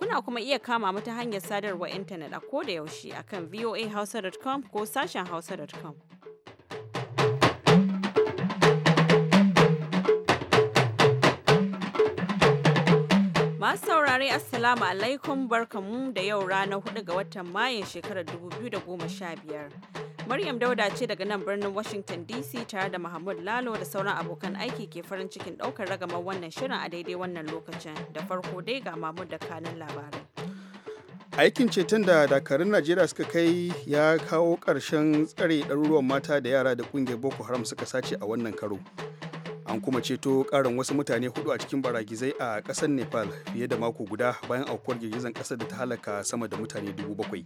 Kuna kuma iya kama mu ta hanyar sadarwa intanet a koda yaushe akan voahausa.com ko sashen hausa.com. Masu saurare Assalamu alaikum barkamu da yau ranar 4 ga watan Mayun shekarar 2015. Maryam Dauda ce daga nan birnin Washington DC tare da Mahmud Lalo da sauran abokan aiki ke farin cikin daukar ragamar wannan shirin a daidai wannan lokacin. Da farko dai ga Mahmud da kanin labarai. Aikin ceton da dakarun Najeriya suka kai ya kawo ƙarshen tsare ɗaruruwan mata da yara da ƙungiyar Boko Haram suka sace a wannan karo. An kuma ceto ƙarin wasu mutane hudu a cikin baragizai a ƙasar Nepal fiye da mako guda bayan aukuwar girgizar ƙasar da ta halaka sama da mutane dubu bakwai.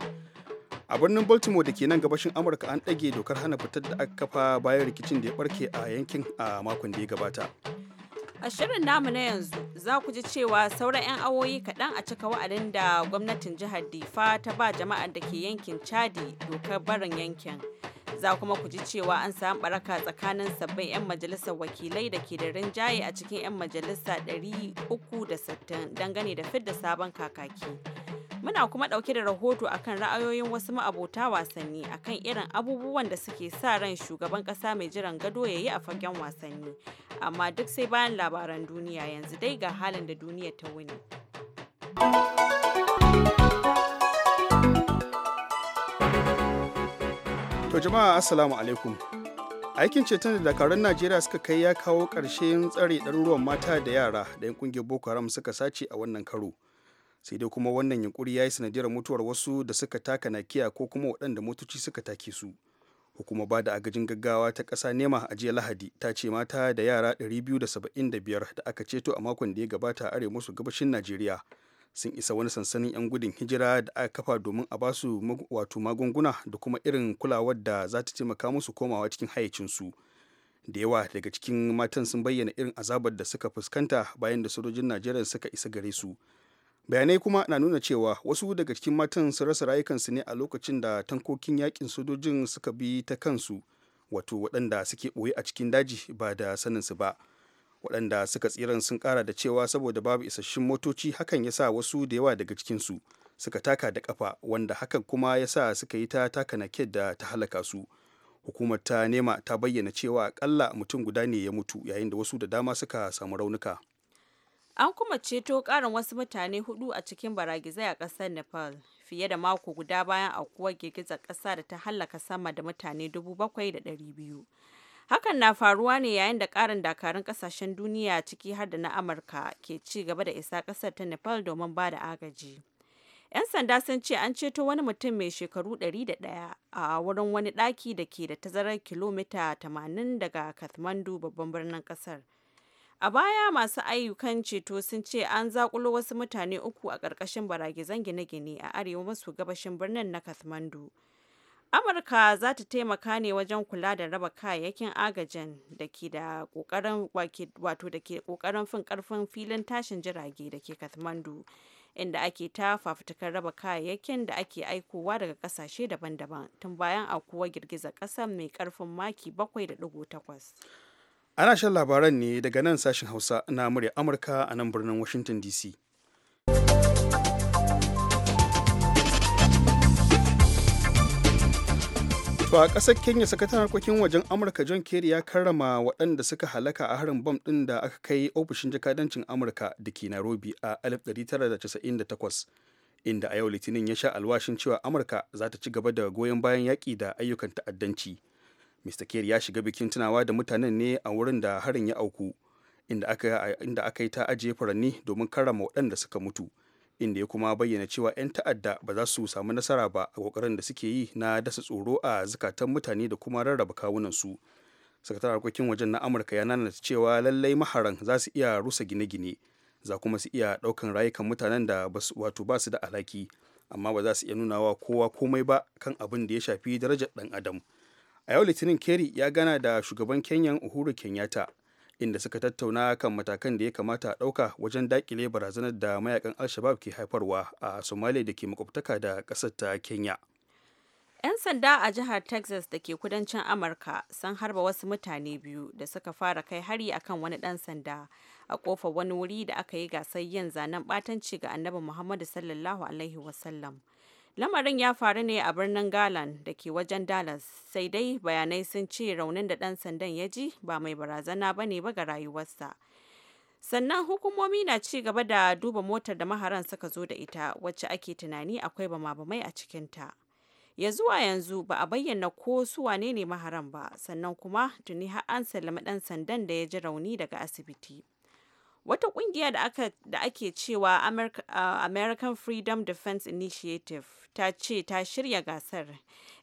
a birnin baltimore da ke nan gabashin amurka an ɗage dokar hana fitar da aka kafa bayan rikicin da ya barke a yankin a makon da ya gabata a shirin namu na yanzu za ku ji cewa sauran 'yan awoyi kaɗan a cika wa'adin da gwamnatin jihar difa ta ba jama'ar da ke yankin chadi dokar barin yankin za kuma ku ji cewa an samu baraka tsakanin sabbin 'yan majalisar wakilai da ke da rinjaye a cikin 'yan majalisa 360 dangane da fidda sabon kakaki muna kuma ɗauke da rahoto akan ra'ayoyin wasu ma'abota wasanni akan irin abubuwan da suke sa ran shugaban ƙasa mai jiran gado ya yi a fagen wasanni amma duk sai bayan labaran duniya yanzu dai ga halin da duniya ta wuni. To jama'a assalamu alaikum. Aikin ceton da dakarun Najeriya suka kai ya kawo ƙarshen tsare ɗaruruwan mata da yara da yan kungiyar Boko Haram suka sace a wannan karo. Sai dai kuma wannan yunkuri ya yi sanadiyar mutuwar wasu da suka taka nakiya ko kuma waɗanda motoci suka take su. Hukumar ba da agajin gaggawa ta ƙasa nema a jiya Lahadi ta ce mata da yara 275 da aka ceto a makon da ya gabata a arewa maso gabashin Najeriya. sun isa wani sansanin 'yan gudun hijira da aka kafa domin a basu wato magunguna da kuma irin kulawar da za ta taimaka musu komawa cikin su da yawa daga cikin matan sun bayyana irin azabar da suka fuskanta bayan da sojojin najeriya suka isa gare su bayanai kuma na nuna cewa wasu daga cikin matan sun rasa rayukansu ne a lokacin da tankokin yakin sojojin suka bi ta kansu wato waɗanda suke ɓoye a cikin daji ba da saninsu ba waɗanda suka tsiran sun ƙara da cewa saboda babu isasshun motoci hakan ya sa wasu da yawa daga cikinsu suka taka da ƙafa wanda hakan kuma ya sa suka yi ta taka naked da ta halaka su hukumar ta nema ta bayyana cewa akalla mutum guda ne ya mutu yayin da wasu da dama suka samu raunuka an kuma ceto ƙarin wasu mutane hudu a cikin baragizai a ƙasar nepal fiye da mako guda bayan aukuwar girgizar ƙasa da ta hallaka sama da mutane 7,200 Hakan na faruwa ne yayin da ƙarin dakarun ƙasashen duniya ciki har da na Amurka ke ci gaba da isa ƙasar ta Nepal domin ba da agaji. 'Yan sanda sun ce an ceto wani mutum mai shekaru 101 a wurin wani ɗaki da ke da tazarar kilomita 80 daga Kathmandu babban birnin ƙasar. A baya masu ayyukan ceto sun ce an zakulo wasu mutane uku a ƙarƙashin baragizan gine-gine a arewa maso gabashin birnin na Kathmandu. Amurka za ta taimaka ne wajen kula da raba kayayyakin agajin da ke da kokarin wato da ke kokarin fin karfin filin tashin jirage da ke Kathmandu inda ake ta fafutukar raba kayayyakin da ake aikowa daga kasashe daban-daban tun bayan aukuwar girgizar ƙasa mai karfin maki 7.8. Ana shan labaran ne daga nan sashen Hausa na murya Amurka a nan birnin Washington DC. To a ƙasar Kenya sakataren harkokin wajen Amurka John Kerry ya karrama waɗanda suka halaka a harin bom ɗin da aka kai ofishin jakadancin Amurka da ke Nairobi a 1998 inda a yau Litinin ya sha alwashin cewa Amurka za ta ci gaba da goyon bayan yaƙi da ayyukan ta'addanci. Mr. Kerry ya shiga bikin tunawa da mutanen ne a wurin da harin ya auku inda aka yi ta ajiye furanni domin karrama waɗanda suka mutu. inda ya kuma bayyana cewa 'yan ta'adda ba za su samu nasara ba a kokarin da suke yi na dasa tsoro a zukatan mutane da kuma rarraba kawunansu sakatare harkokin wajen na amurka ya nanata cewa lallai maharan za su iya rusa gine-gine za kuma su iya ɗaukan rayukan mutanen da wato ba su da alaki amma ba za su iya nunawa kowa komai ba kan abin da ya shafi darajar ɗan adam a yau litinin kerry ya gana da shugaban kenyan uhuru kenyatta inda suka tattauna kan matakan da ya kamata a ɗauka wajen daƙile barazanar da mayakan alshabab ke haifarwa a somalia da ke makwabtaka da ƙasar ta kenya 'Yan sanda a jihar Texas da ke kudancin Amurka sun harba wasu mutane biyu da suka fara kai hari akan wani ɗan sanda a kofar wani wuri da aka yi gasar yin zanen batanci ga annabi Muhammadu sallallahu Alaihi wasallam. Lamarin ya faru ne a birnin Garland da ke wajen Dallas, sai dai bayanai sun ce raunin da ɗan sandan ya ji ba mai barazana ba ne ba ga rayuwarsa. Sannan hukumomi na ci gaba da duba motar da maharan suka zo da ita wacce ake tunani akwai bama-bamai a cikinta. Ya zuwa yanzu ba a bayyana ko su wane ne maharan ba, sannan kuma tuni har an sallami ɗan sandan da ya ji rauni daga asibiti. Wata kungiya da ake cewa uh, American Freedom Defense Initiative ta ce ta shirya gasar,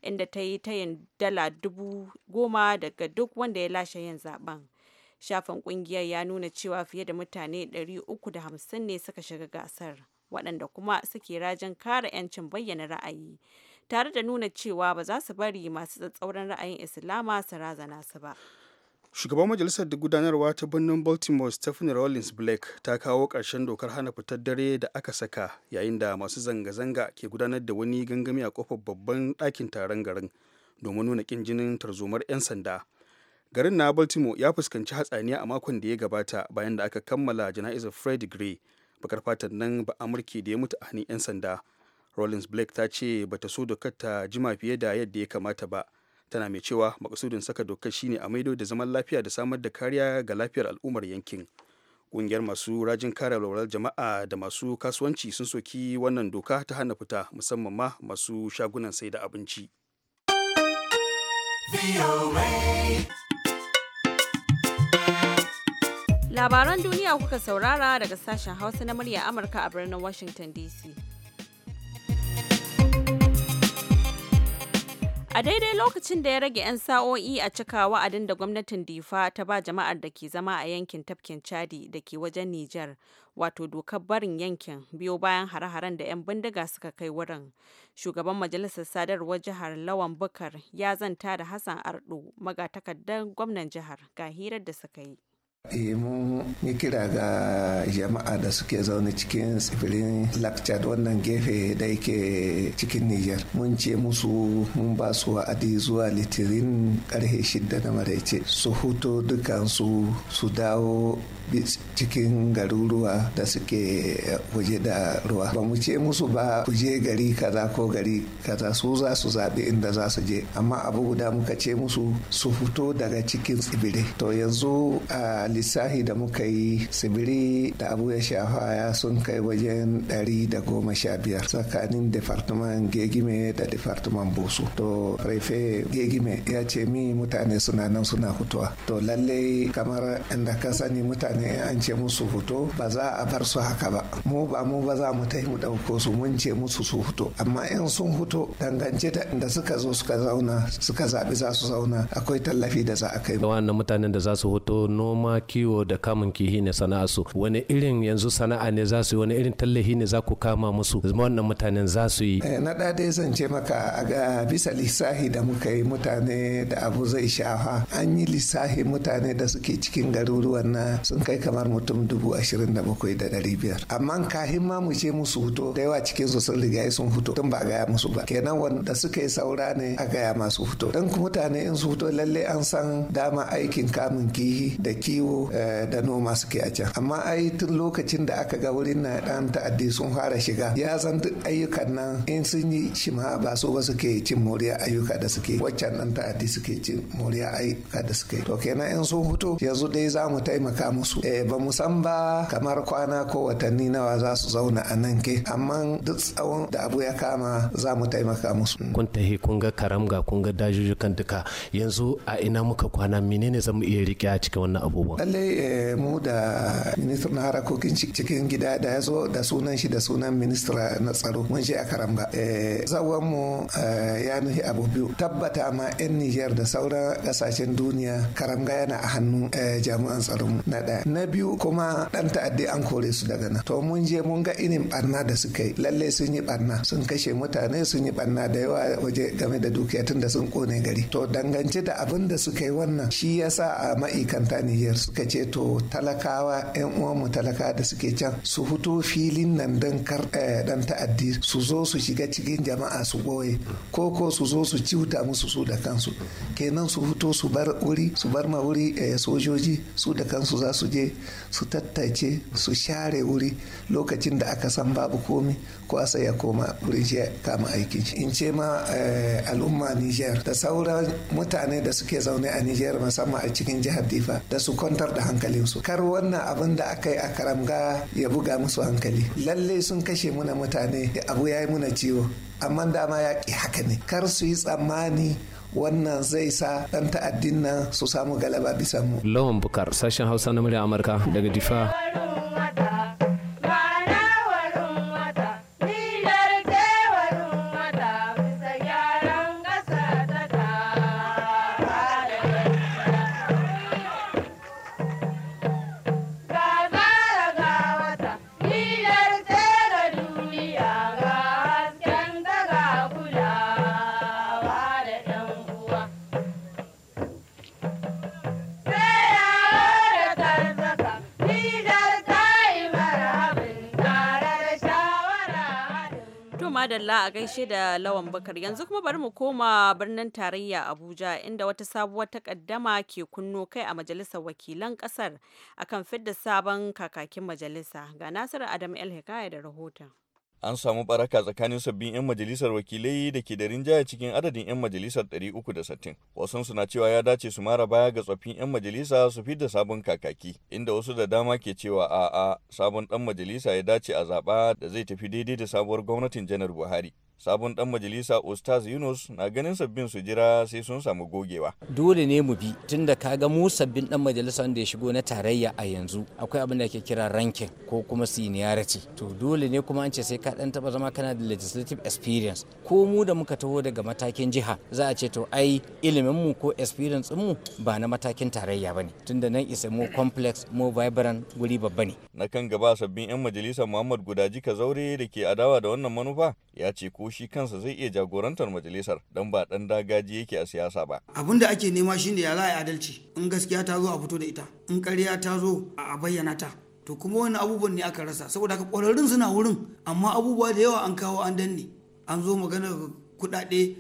inda ta yi tayin dala dubu goma daga duk wanda ya lashe yin zaben. Shafin kungiyar ya nuna cewa fiye da mutane 350 ne suka shiga gasar, waɗanda kuma suke rajin kare 'yancin bayyana ra'ayi, tare da nuna cewa ba za su bari masu tsatsauran ra'ayin Islama su razana su ba. shugaban majalisar da gudanarwa ta birnin baltimore stephen rawlings blake ta kawo ƙarshen dokar hana fitar dare da aka saka yayin da masu zanga-zanga ke gudanar da wani gangami a kofar babban ɗakin taron garin domin nuna ƙin jinin tarzomar 'yan sanda garin na baltimore ya fuskanci hatsaniya a makon da ya gabata bayan da aka kammala jana'izar fred gray bakar fatan nan ba amurki da ya mutu a hannun 'yan sanda rawlings blake ta ce bata so dokar ta jima fiye da yadda ya kamata ba tana mai cewa makasudin saka dokar shine a maido da zaman lafiya da samar da kariya ga lafiyar al'ummar yankin ƙungiyar masu rajin kare walwalar jama'a da masu kasuwanci sun soki wannan doka ta hana fita musamman ma masu shagunan sai da abinci labaran duniya kuka saurara daga sashen hausa na murya amurka a birnin washington dc A daidai lokacin da ya rage 'yan sa'o'i a cika wa'adin da gwamnatin Difa ta ba jama'ar da ke zama a yankin tafkin Chadi da ke wajen Nijar, wato dokar barin yankin biyo bayan hare-haren da 'yan bindiga suka kai wurin. Shugaban Majalisar Sadarwar Jihar Lawan Bukar ya zanta da Hassan Ardo, magatakardar gwamnan jihar, ga hirar da suka yi. Eh, mun yi kira ga jama'a da suke zaune cikin tsibirin lakcad wannan gefe da yake cikin Nijar mun ce musu mun ba su wa'adi zuwa litirin karfe shida na maraice su huto dukansu su dawo cikin garuruwa da suke waje da ruwa ba mu ce musu ba ku je gari kaza ko gari kaza su za su zaɓi inda za su je amma abu guda muka ce musu su fito daga cikin tsibirin to yanzu a lissahi da muka yi tsibiri da abu ya shafa ya sun kai wajen ɗari da goma sha biyar tsakanin defartiman gegime da defartiman busu. to prefe gegime ya ce mi mutane suna nan suna hutuwa to lalle kamar inda ka sani mutane an ce musu hoto ba za a bar su haka ba mu ba mu ba za mu tai mu su mun ce musu su hoto. amma in sun hoto dangance da inda suka zo suka zauna suka zaɓi za su zauna akwai tallafi da za a kai wannan mutanen da za su hoto noma kiwo da kamun kihi ne su wani irin yanzu sana'a ne za su yi wani irin tallahi ne za ku kama musu wannan mutanen za su yi eh, na da dai zan ce maka a ga bisa lissahi da muka yi mutane da abu zai shafa an yi lissahi mutane da suke cikin garuruwan na sun kai kamar mutum dubu ashirin da bakwai da dari biyar amma kahin ma mu ce musu fito da yawa cikin su sun riga sun huto tun ba a gaya musu ba kenan wanda suka yi saura ne a gaya masu huto don mutane in su fito lallai an san dama aikin kamun kihi da kiwo Eh, da noma suke a can amma ai tun lokacin da aka ga wurin na dan ta'addi sun fara shiga ya san ayyukan nan in sun yi shi ma ba so ba suke cin moriya ayyuka da suke waccan dan ta'addi suke cin moriya ayyuka da suke to kenan in sun fito yanzu dai za mu taimaka musu eh ba mu san ba kamar kwana ko watanni nawa za su zauna a nan ke amma duk tsawon da abu ya kama za mu taimaka musu kun tahi kun ga ga kun ga dajujukan duka yanzu a ina muka kwana menene za mu iya rike a cikin wannan abubuwan lallai eh, mu da na harakokin cikin gida da ya zo da sunan shi da sunan ministra na tsaro mun je a karamba eh, zawon mu eh, ya nuhi abu biyu tabbata ma yan nijar da sauran kasashen duniya karanga yana a hannun jami'an tsaron na daya na biyu kuma ɗan ta'addi an kore su daga nan to mun je mun ga irin barna da suka yi lalle sun yi barna sun kashe mutane sun yi barna da yawa waje game da dukiya tun da sun kone gari to dangance da abin da suka yi wannan shi ya sa a ma'aikanta su suka ce to talakawa 'yan uwanmu talaka da suke can su fito filin nan dan kar dan eh, ta'addi su zo su shiga cikin jama'a su goye ko ko su zo su ciuta musu su da kansu kenan su fito su bar wuri su bar ma wuri eh, sojoji su da kansu za su je su tattace su share wuri lokacin da aka san babu komi ko sai ya koma wurin kama aikin in ce ma eh, al'umma Niger da sauran mutane da suke zaune a Nijar musamman a cikin jihar Difa da su kwantar da hankalinsu kar wannan abin da aka yi a karamga ya buga musu hankali lalle sun kashe muna mutane Da abu ya yi muna ciwo amma dama ya ƙi haka ne kar su yi tsammani wannan zai sa ɗan ta'addin nan su samu galaba bisa mu. Lawan Bukar, sashen Hausa na murya Amurka daga Difa. madalla a gaishe da lawan bakar yanzu kuma bari mu koma birnin tarayya abuja inda wata sabuwar takaddama ke kunno kai a majalisar wakilan kasar akan fidda sabon kakakin majalisa ga nasiru adam el hikaya da rahoton an samu baraka tsakanin sabbin 'yan majalisar wakilai da ke da rinjaya cikin adadin 'yan majalisar 360 wasansu na cewa ya dace su mara baya ga tsoffin 'yan majalisa su da sabon kakaki inda wasu da dama ke cewa a'a sabon dan majalisa ya dace a zaɓa da zai tafi daidai da sabuwar gwamnatin janar buhari sabon dan majalisa ustaz yunus na ganin sabbin su jira sai sun samu gogewa dole ne mu bi tunda kaga mu sabbin dan majalisa wanda ya shigo na tarayya a yanzu akwai abin da ake kira rankin ko kuma seniority to dole ne kuma an ce sai ka dan taba zama kana da legislative experience ko mu da muka taho daga matakin jiha za a ce to ai ilimin mu ko experience mu ba na matakin tarayya bane tunda nan isa mu complex mu vibrant guri babba ne na kan gaba sabbin yan majalisa Muhammad Gudaji zaure da ke adawa da wannan manufa ya ce ko shi kansa zai iya jagorantar majalisar don ba dan dagaji yake a siyasa ba abin da ake nema shine ya za a adalci in gaskiya ta zo a fito da ita in ƙarya ta zo a bayyana ta to kuma wani abubuwan ne aka rasa saboda haka ƙwararrun suna wurin amma abubuwa da yawa an kawo an danne an zo maganar kuɗaɗe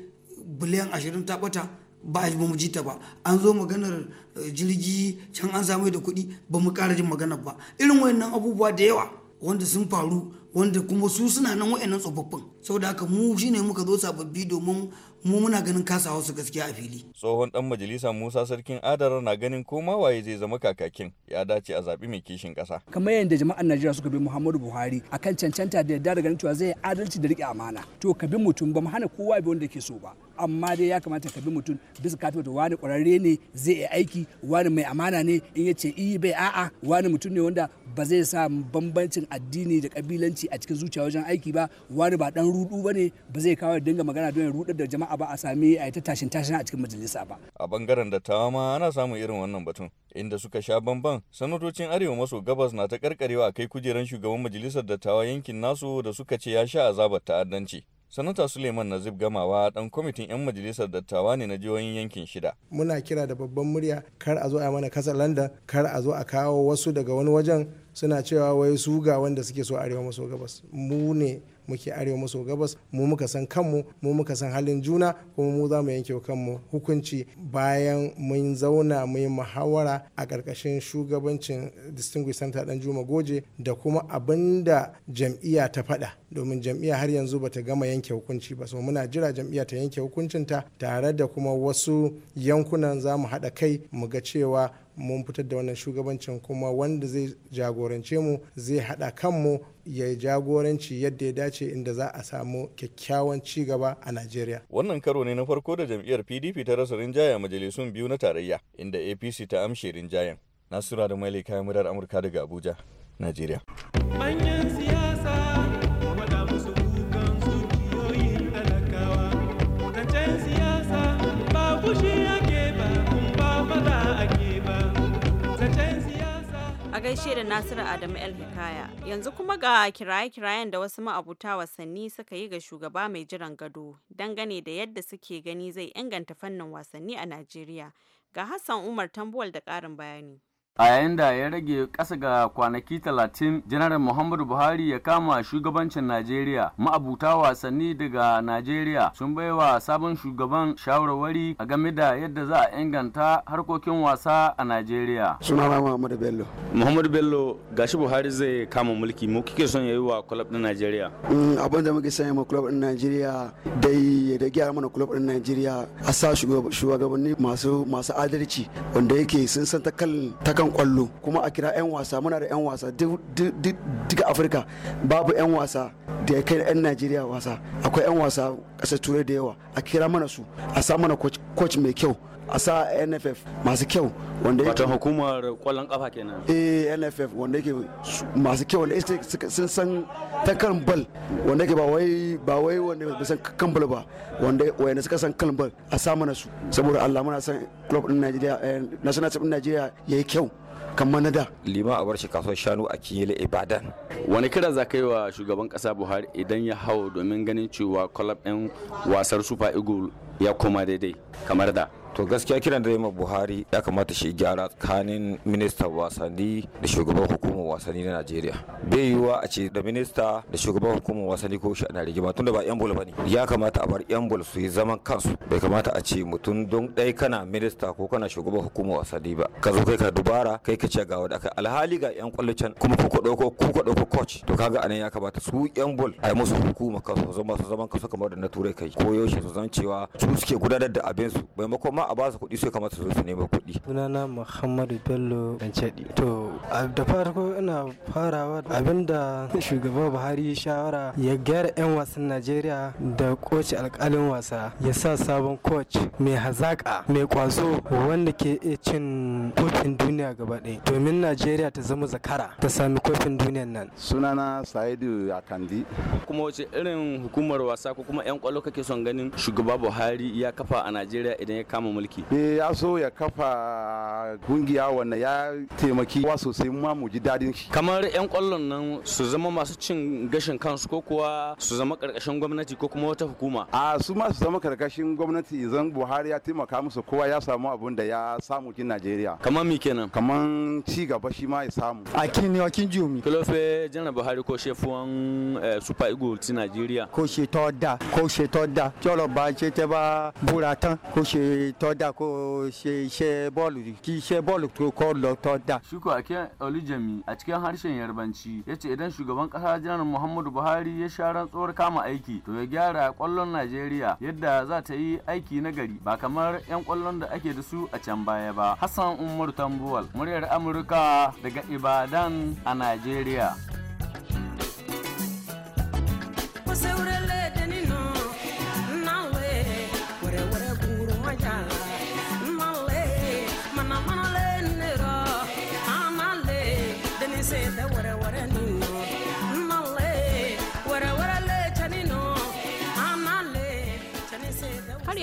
biliyan ashirin ta ɓata ba a ba mu ji ta ba an zo maganar eh, jirgi can an samu da kuɗi ba mu ƙara jin maganar ba irin wayannan abubuwa da yawa wanda sun faru wanda kuma su suna nan wa'annan tsofaffin saboda haka mu shi shine muka zo sababbi domin mu muna ganin kasa su gaskiya a fili tsohon dan majalisa Musa Sarkin Adara na ganin ko ma waye zai zama kakakin ya dace a zabi mai kishin kasa kamar yadda jama'an Najeriya suka bi Muhammadu Buhari akan cancanta da yadda da ganin cewa zai adalci da rike amana to ka bi mutum ba mu hana kowa bi wanda ke so ba amma dai ya kamata ka bi mutum bisa ka tabbata wani kwararre ne zai yi aiki wani mai amana ne in ya ce iyi e, bai a'a wani mutum ne wanda ba zai sa bambancin addini da kabilanci a cikin zuciya wajen aiki ba wani ba dan rudu ba ne ba zai kawo dinga magana don ya rudar da jama'a ba a sami a ta tashin tashin a cikin majalisa ba a bangaren dattawa ma ana samun irin wannan batun inda suka sha bamban sanatocin arewa maso gabas na ta karkarewa a kai kujerar shugaban majalisar dattawa yankin nasu da suka ce ya sha azabar ta'addanci Sanata Suleiman Nazib Gamawa dan kwamitin 'yan majalisar dattawa ne na jihohin yankin shida. Muna kira da babban murya kar a zo a mana kasar landa kar a zo a kawo wasu daga wani wajen suna cewa wai su ga wanda suke so arewa maso gabas. Mu ne muke arewa maso gabas mu muka san kanmu mu muka san halin juna kuma mu za mu yanke kanmu hukunci bayan mun zauna mu yi muhawara a ƙarƙashin shugabancin distinguished center dan juma goje da kuma abinda jam'iya jam'iyya ta faɗa domin jam'iya har yanzu ba ta gama yanke hukunci ba so muna jira jam'iyya ta yanke hukuncinta tare da kuma wasu yankunan za mu haɗa kai mu ga cewa mun fitar da wannan shugabancin kuma wanda zai jagorance mu zai haɗa kanmu ya jagoranci yadda ya dace inda za a samu kyakkyawan ci gaba a Najeriya. Wannan karo ne na farko da jam'iyyar PDP ta rasa rinjaya majalisun biyu na tarayya inda APC ta amshe rinjayen. Nasura da Maili kayan murar Amurka daga Abuja, Najeriya. gaishe da Nasiru Adamu El Hikaya. Yanzu kuma ga kiraye-kirayen da wasu ma'abuta wasanni suka yi ga shugaba mai jiran gado dangane da yadda suke gani zai inganta fannin wasanni a Najeriya. Ga Hassan Umar Tambuwal da ƙarin bayani. a yayin da ya rage kasa ga kwanaki talatin janaral muhammadu buhari ya kama shugabancin najeriya ma'abuta wasanni daga najeriya sun wa sabon shugaban shawarwari a game da yadda za a inganta harkokin wasa a najeriya sunana muhammadu bello muhammadu bello gashi buhari zai kama mulki mu kike son yayi wa club din najeriya mm, abin da muke sanya ma club din najeriya dai ya da gyara mana club din najeriya a sa shugabanni masu masu adalci wanda yake sun san takan kwallo kuma a kira 'yan wasa muna da 'yan wasa duka afirka babu 'yan wasa da ya kai 'yan najeriya wasa akwai 'yan wasa ƙasar turai da yawa a kira mana su a sa mana coach mai kyau a sa nff masu kyau wanda yake hukumar kwallon kafa kenan eh nff wanda yake masu kyau wanda sun san ta kan bal wanda yake ba wai ba wai wanda ba san kan bal ba wanda wanda suka san kan bal a sa mana su saboda Allah muna san club din Najeriya eh, national team din Najeriya yayi kyau kamar na da liman a barshe kasuwar shanu a kiyele ibadan wani kira za ka yi wa shugaban kasa buhari idan ya hau domin ganin cewa club ɗin wasar super eagle ya koma daidai kamar da to gaskiya kiran da ma buhari ya kamata shi gyara tsakanin ministan wasanni da shugaban hukumar wasanni na najeriya bai yiwuwa a ce da minista da shugaban hukumar wasanni ko shi na rigima tun da ba yambul bol ne. ya kamata a bar yambul bol su yi zaman kansu bai kamata a ce mutum don ɗai kana minista ko kana shugaban hukumar wasanni ba ka zo kai ka dubara kai ka ce ga wanda aka alhali ga yan kwallo can kuma ku ka ɗauko ku ka ɗauko coach to kaga anan ya kamata su yambul bol a yi musu hukuma kansu su zama su zaman kansu kamar da na turai kai ko yaushe su zan cewa su suke gudanar da abin su maimakon ma a ba su kuɗi sai kamata su su nemi kuɗi. sunana muhammadu bello dancedi to da farko ina farawa abinda shugaba buhari ya shawara ya gyara 'yan wasan najeriya da koci alkalin wasa ya sa sabon coach mai hazaka mai kwazo wanda ke iya cin kofin duniya gaba ɗaya domin najeriya ta zama zakara ta sami kofin duniyan nan sunana sa'idu akandi kuma wace irin hukumar wasa ko kuma 'yan kwallo kake son ganin shugaba buhari ya kafa a najeriya idan ya kama kama mulki me ya so ya kafa kungiya wannan ya taimaki wa sosai ma mu ji dadin shi kamar yan kwallon nan su zama masu cin gashin kansu ko kuwa su zama karkashin gwamnati ko kuma wata hukuma a su ma su zama karkashin gwamnati idan Buhari ya taimaka musu kowa ya samu abun da ya samu cikin Najeriya kamar mi kenan kamar ci gaba shi ma ya samu a kin wa kin jumi kilofe janar Buhari ko shefuwan eh, Super Eagles ti Najeriya Ko she tọ́ da ko ṣe tọ́ da ṣe tẹ́ bá búra ko kó tọ́jà kó ṣe iṣẹ́ bọ́ọ̀lù kí iṣẹ́ bọ́ọ̀lù tó kọ́ lọ Shuko Ake olijami a cikin harshen Yarbanci ya ce idan shugaban ƙasa janar Muhammadu Buhari ya sha rantsuwar kama aiki to ya gyara kwallon Najeriya yadda za ta yi aiki na gari ba kamar 'yan kwallon da ake da su a can baya ba. Hassan Umar Tambuwal muryar Amurka daga Ibadan a Najeriya.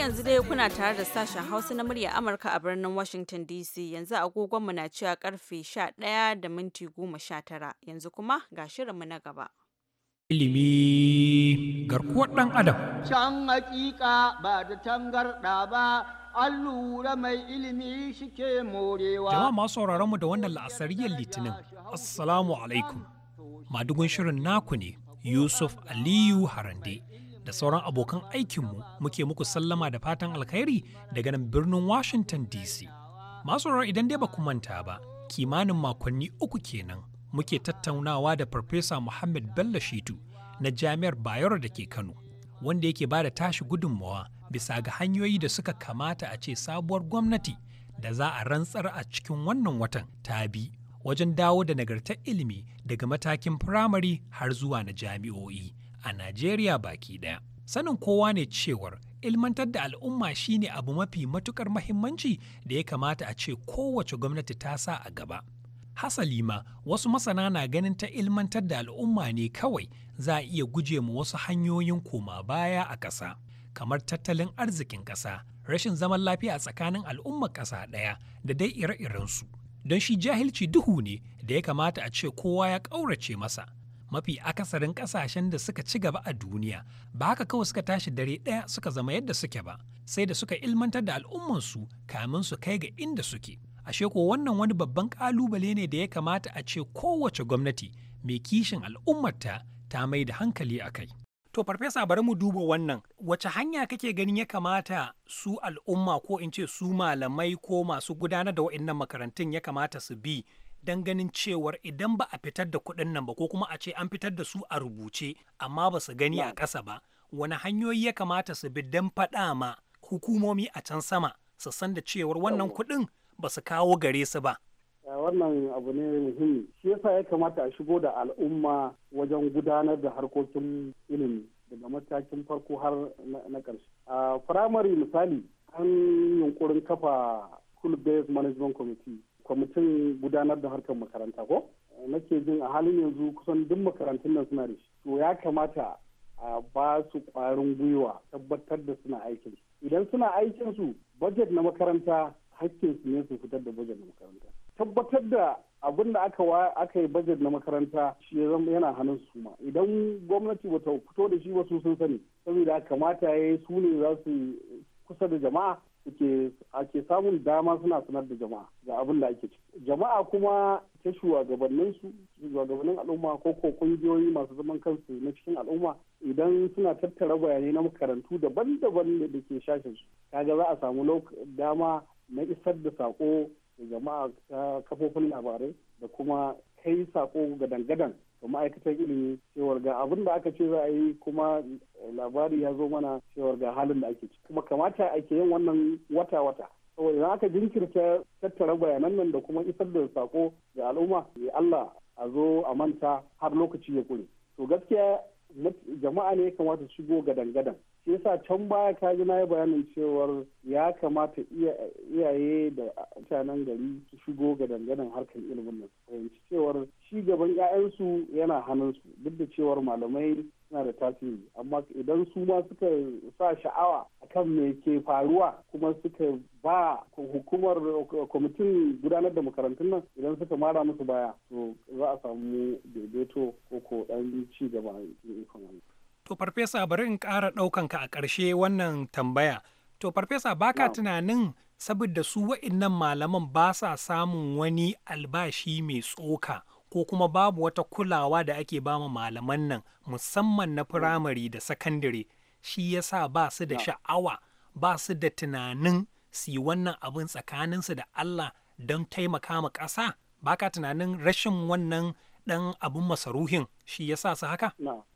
yanzu dai kuna tare da sashen Hausa na murya Amurka a birnin Washington DC yanzu agogonmu na cewa karfe 11 da minti 19 yanzu kuma ga shirinmu na gaba. Ilimi garkuwar ɗan Adam. Can hakika ba da tangarɗa ba allura mai ilimi shike morewa. Jama'a masu sauraron mu da wannan la'asariyar Litinin. Assalamu alaikum. Madugun shirin naku ne Yusuf Aliyu Harande. da sauran abokan aikinmu muke muku sallama da fatan alkhairi daga nan birnin Washington DC. Masu idan dai ba ku manta ba, kimanin makonni uku kenan muke tattaunawa da Farfesa Muhammad Bello Shitu na Jami'ar Bayero da ke Kano, wanda yake ba da tashi gudunmawa bisa ga hanyoyi da suka kamata a ce sabuwar gwamnati da za a rantsar a cikin wannan watan ta bi wajen dawo da nagartar ilimi daga matakin firamare har zuwa na jami'o'i. a Najeriya baki ɗaya. Sanin kowa ne cewar ilmantar da al'umma shine abu mafi matukar mahimmanci da ya kamata a ce kowace gwamnati ta sa a gaba. Hasali ma wasu masana na ganin ta ilmantar da al'umma ne kawai za a iya guje mu wasu hanyoyin koma baya a ƙasa, kamar tattalin arzikin ƙasa, rashin zaman lafiya a tsakanin al'ummar ƙasa ɗaya da dai ire-irensu. Don shi jahilci duhu ne da ya kamata a ce kowa ya ƙaurace masa. mafi akasarin kasashen da suka ci gaba a duniya ba haka kawai suka tashi dare ɗaya suka zama yadda suke ba sai da suka ilmantar da al'ummansu kamin su kai ga inda suke ashe ko wannan wani babban kalubale ne da ya kamata a ce kowace gwamnati mai kishin al'ummarta ta mai da hankali a kai to farfesa bari mu duba wannan wace hanya kake ganin ya kamata su al'umma ko in ce su malamai ko masu gudanar da waɗannan makarantun ya kamata su bi don ganin cewar idan ba a fitar da kuɗin nan ba ko kuma a ce an fitar da su a rubuce amma ba su gani a ƙasa ba wani hanyoyi ya kamata su bi don faɗa ma hukumomi a can sama su san da cewar wannan kuɗin ba su kawo gare su ba. wannan abu ne muhimmi shi yasa ya kamata a shigo da al'umma wajen gudanar da harkokin ilimi daga matakin farko har na ƙarshe a firamare misali an yunkurin kafa school based management committee kwamitin gudanar da harkar makaranta ko nake jin a halin yanzu kusan duk makarantun nan suna da shi to ya kamata a ba su kwarin gwiwa tabbatar da suna aikin idan suna aikin su budget na makaranta hakkin su ne su fitar da budget na makaranta tabbatar da abin da aka aka yi budget na makaranta shi ya zama yana hannun su ma idan gwamnati bata fito da shi ba su sun sani saboda kamata ya su ne za su kusa da jama'a suke ake samun dama suna sanar da jama'a ga abin da ake ciki jama'a kuma ta shugabannin su shugabannin al'umma ko ko kungiyoyi masu zaman kansu na cikin al'umma idan suna tattara bayanai na makarantu daban-daban da ke shashin su kaga za a samu dama na isar da sako da jama'a ta ah, kafofin labarai da kuma kai sako gadan-gadan ma'aikatan ilimi cewar ga abin da aka ce za a yi kuma eh, labari ya zo mana cewar ga halin da ake ciki kuma kamata ake yin wannan wata-wata saboda idan aka jinkirta tattara bayanan nan da kuma isar da sako ga al'umma ya Allah a zo a manta har lokaci ya kure to gaskiya jama'a ne kamata shigo gadan-gadan yasa can baya ka ji na yi bayanin cewar ya kamata iyaye da mutanen gari su shigo ga danganin harkar ilimin nan fahimci cewar shi gaban 'ya'yansu yana hannunsu duk da cewar malamai suna da tasiri amma idan su ma suka sa sha'awa akan me ke faruwa kuma suka ba hukumar kwamitin gudanar da makarantun nan idan suka mara musu baya to za a samu daidaito ko ko dan ci gaba To farfesa bari in ƙara ɗaukan ka a ƙarshe wannan tambaya. To farfesa baka tunanin saboda su wa'innan malaman ba sa samun wani albashi mai tsoka ko kuma babu wata kulawa da ake bama malaman nan musamman na firamare da sakandare shi ya sa ba su da sha'awa ba su da tunanin su wannan abin tsakaninsu da Allah don taimaka ma ƙasa baka tunanin rashin wannan ɗan abin masaruhin shi ya sa su haka? No.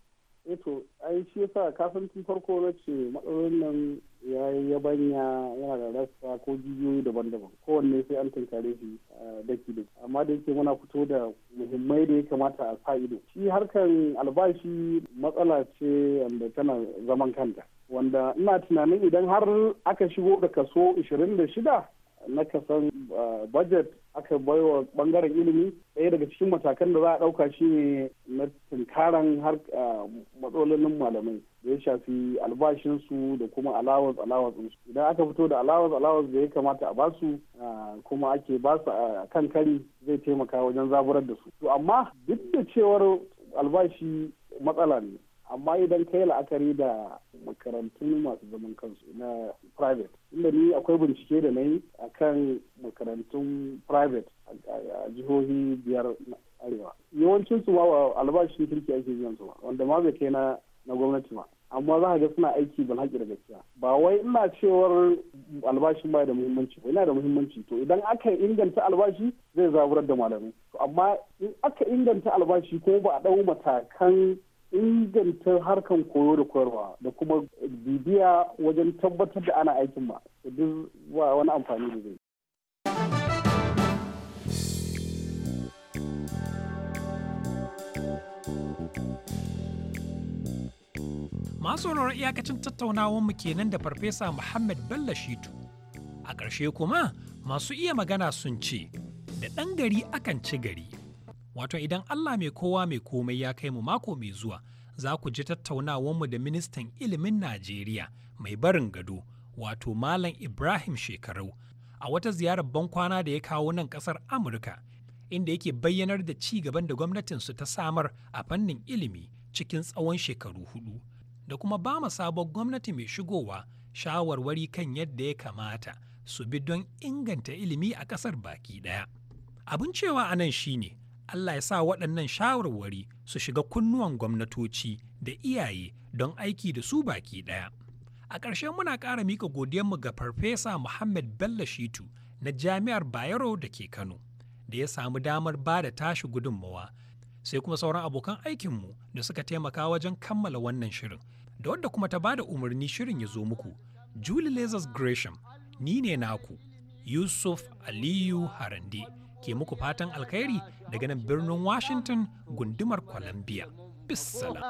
eto eh ai shi yasa kafin tun farko na ce matsalolin nan ya yi yabanya yana da rassa ko jijiyoyi daban-daban kowanne sai an tankare shi eh, daki da amma da yake muna fito da muhimmai da ya kamata a sa ido shi harkar albashi matsala ce wanda tana zaman kanta wanda ina tunanin idan har aka shigo da kaso 26 na kasan ah, budget aka baiwa bangaren ilimi ɗaya daga cikin matakan da za a ɗauka shi ne na tunkaran har ah, matsalolin malamai da ya shafi albashinsu da kuma allowance allowance ɗinsu idan aka fito da allowance allowance da ya kamata a basu ah, kuma ake basu a kan kari zai taimaka wajen zaburar da su to amma duk da cewar albashi matsala ne amma idan ka la'akari da makarantun masu zaman kansu na private inda ni akwai bincike da na yi a kan makarantun private a jihohi biyar arewa yawancinsu su ba albashin kirki ake biyan su ba wanda ma bai kai na gwamnati ma amma za ga suna aiki ban haƙi da gaskiya ba wai ina cewar albashin ba da muhimmanci ba yana da muhimmanci to idan aka inganta albashi zai zaburar da malamai amma in aka inganta albashi ko ba a ɗau matakan inganta harkan koyo da koyarwa da kuma bibiya wajen tabbatar da ana aikin ba duk ba wani amfani da zai Masu iyakacin tattaunawar mu kenan da Farfesa Muhammad Bello Shitu. A ƙarshe kuma masu iya magana sun ce, da ɗan gari akan ci gari. wato idan Allah mai kowa mai komai ya kai mu mako mai zuwa za ku ji tattaunawarmu da ministan ilimin Najeriya mai barin gado wato Malam Ibrahim Shekarau a wata ziyarar bankwana da ya kawo nan ƙasar Amurka inda yake bayyanar da ci gaban da gwamnatinsu ta samar a fannin ilimi cikin tsawon shekaru hudu da kuma ba mu sabon gwamnati mai shigowa shawarwari kan yadda ya kamata su bi don inganta ilimi a ƙasar baki ɗaya. Abin cewa anan shine Allah ya sa waɗannan shawarwari su shiga kunnuwan gwamnatoci da iyaye don aiki da su baki ɗaya. A ƙarshe muna ƙara mika godiyanmu ga Farfesa Muhammad Bello Shitu na Jami'ar Bayero da ke Kano, da ya samu damar ba da tashi gudunmawa, sai kuma sauran abokan aikinmu da suka taimaka wajen kammala wannan shirin, da wadda kuma ta ba da umarni shirin ya zo muku. Julie Lazarus Gresham, ni ne naku, Yusuf Aliyu Harande, ke muku fatan alkhairi daga nan birnin Washington gundumar Columbia. Bissalam.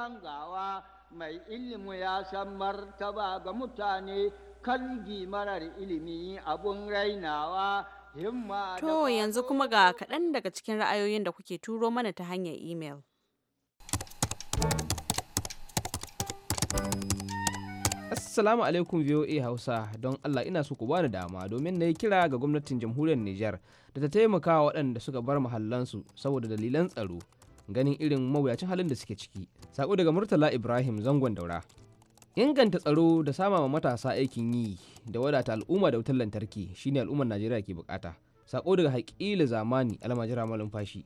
mai ilimi ya san martaba ga mutane kalgi marar ilimi abun rainawa himma To yanzu kuma ga kaɗan daga cikin ra'ayoyin da kuke turo mana ta hanyar imel. Assalamu alaikum VOA Hausa don Allah ina so ku bani dama domin na yi kira ga gwamnatin jamhuriyar Nijar da ta taimaka waɗanda suka bar mahallansu saboda dalilan tsaro ganin irin mawuyacin halin da suke ciki. Sako daga Murtala Ibrahim zangon daura. Inganta tsaro da sama ma matasa aikin yi da wadata al'umma da wutar lantarki shine al'ummar Najeriya ke bukata. Sako daga Haƙila Zamani almajira malumfashi.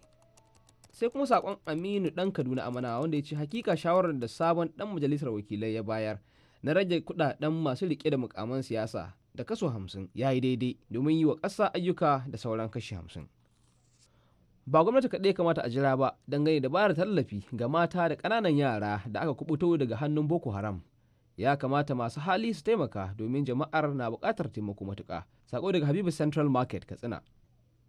sai kuma sakon aminu ɗan kaduna amana wanda ya ce hakika shawarar da sabon ɗan majalisar wakilai ya bayar na rage kudaden masu rike da mukaman siyasa da kaso hamsin ya yi daidai domin yi wa ƙasa ayyuka da sauran kashi hamsin. Ba gwamnati kaɗai kamata a jira ba dangane da bayar tallafi ga mata da ƙananan yara da aka kubuto daga hannun Boko Haram. Ya kamata masu hali su taimaka domin jama'ar na buƙatar taimako matuƙa. Sako daga Habibu Central Market Katsina.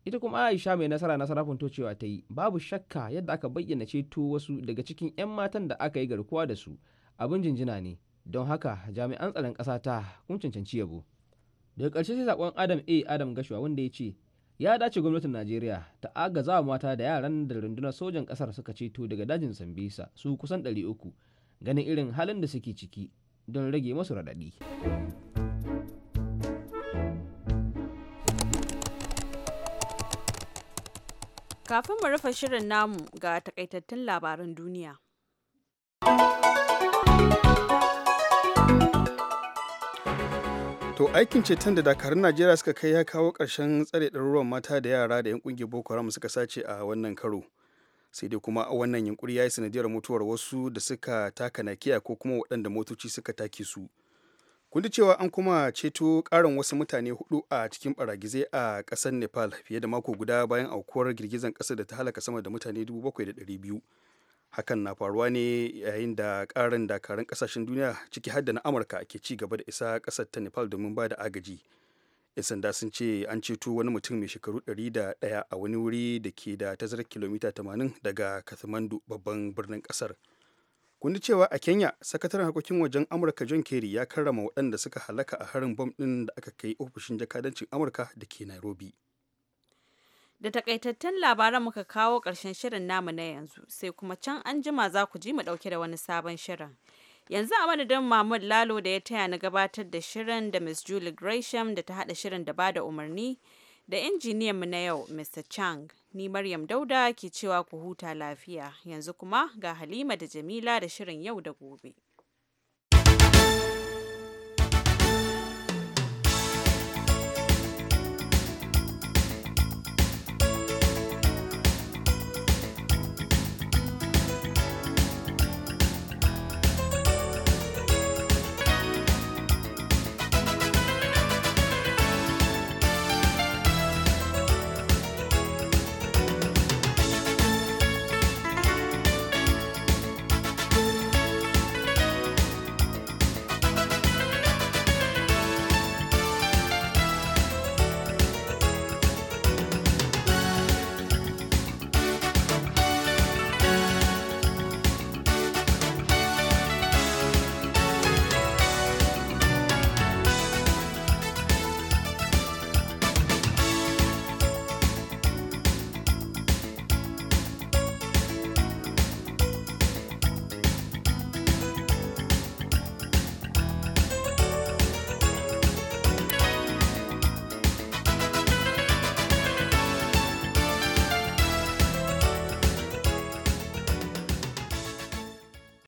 Ita kuma Aisha mai nasara na sarafin cewa ta yi babu shakka yadda aka bayyana ceto wasu daga cikin 'yan matan da aka yi garkuwa da su abin jinjina ne don haka jami'an tsaron ƙasa ta kun cancanci yabo daga ƙarshe sai saƙon adam a adam gashuwa wanda ya ce ya dace gwamnatin najeriya ta agaza mata da yaran da rundunar sojan ƙasar suka ceto daga dajin sambisa su kusan 300 ganin irin halin da suke ciki don rage masu raɗaɗi. Kafin mu rufe shirin namu ga takaitattun labaran duniya. To aikin ceton da dakarun Najeriya suka kai ya kawo ƙarshen tsare ɗaruruwan mata da yara da 'yan ƙungiyar Boko Haram suka sace a wannan karo. Sai dai kuma wannan yunkuri ya yi sanadiyar mutuwar wasu da suka taka nakiya ko kuma waɗanda motoci suka take su. Kun cewa an kuma ceto ƙarin wasu mutane hudu a cikin baragizai a ƙasar Nepal fiye da mako guda bayan aukuwar girgizan ƙasa da ta halaka sama da mutane 7,200. hakan na faruwa ne yayin da karin dakarun kasashen duniya ciki hadda na amurka ke ci gaba da isa kasar ta nepal domin ba da agaji 'yan sanda sun ce an ceto wani mutum mai shekaru 101 a wani wuri da ke da tazarar kilomita 80 daga kathmandu babban birnin kasar kundi cewa a kenya sakataren harkokin wajen amurka john kerry ya karrama waɗanda suka halaka a harin bom ɗin da aka kai ofishin jakadancin amurka da ke nairobi Da takaitattun labaran muka kawo ƙarshen shirin namu na yanzu, sai kuma can an jima za ku ji mu ɗauke da wani sabon shirin. Yanzu a madadin Mahmud Lalo da ya taya na gabatar da shirin da Miss Julie Gresham da ta haɗa shirin da bada umarni da injiniyanmu na yau Mr. Chang. Ni Maryam Dauda ke cewa ku huta lafiya. Yanzu kuma ga Halima da Jamila da shirin yau da gobe.